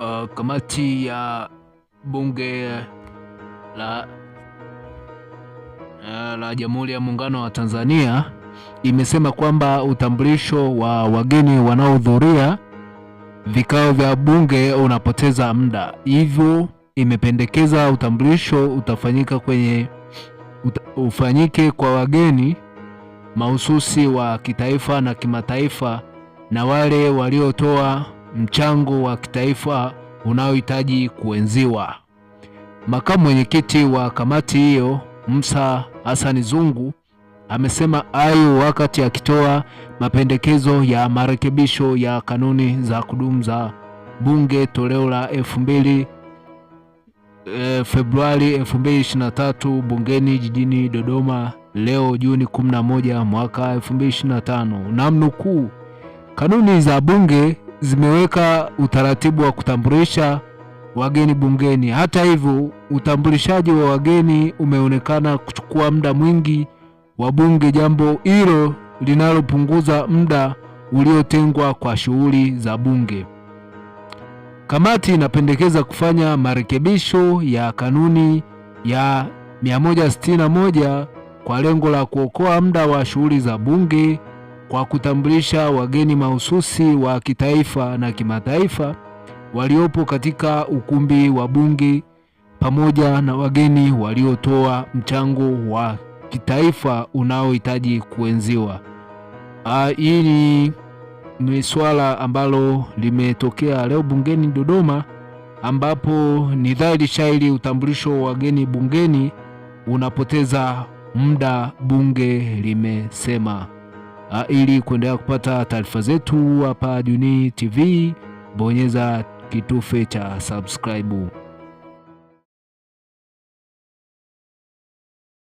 uh, kamati ya bunge la, uh, la Jamhuri ya Muungano wa Tanzania imesema kwamba utambulisho wa wageni wanaohudhuria vikao vya bunge unapoteza muda, hivyo imependekeza utambulisho utafanyika kwenye ufanyike kwa wageni mahususi wa kitaifa na kimataifa na wale waliotoa mchango wa kitaifa unaohitaji kuenziwa. Makamu mwenyekiti wa kamati hiyo Musa Hassan Zungu amesema hayo wakati akitoa mapendekezo ya marekebisho ya kanuni za kudumu za Bunge toleo la 2 e, eh, Februari 2023 bungeni jijini Dodoma leo Juni 11 mwaka 2025. Namnukuu, kanuni za bunge zimeweka utaratibu wa kutambulisha wageni bungeni. Hata hivyo, utambulishaji wa wageni umeonekana kuchukua muda mwingi wa bunge, jambo hilo linalopunguza muda uliotengwa kwa shughuli za bunge. Kamati inapendekeza kufanya marekebisho ya kanuni ya 161 kwa lengo la kuokoa muda wa shughuli za bunge kwa kutambulisha wageni mahususi wa kitaifa na kimataifa waliopo katika ukumbi wa Bunge pamoja na wageni waliotoa mchango wa kitaifa unaohitaji kuenziwa. Ah, hili ni swala ambalo limetokea leo bungeni Dodoma, ambapo ni dhahiri shairi utambulisho wa wageni bungeni unapoteza muda, bunge limesema. Ah, ili kuendelea kupata taarifa zetu hapa Junii TV, bonyeza kitufe cha subscribe.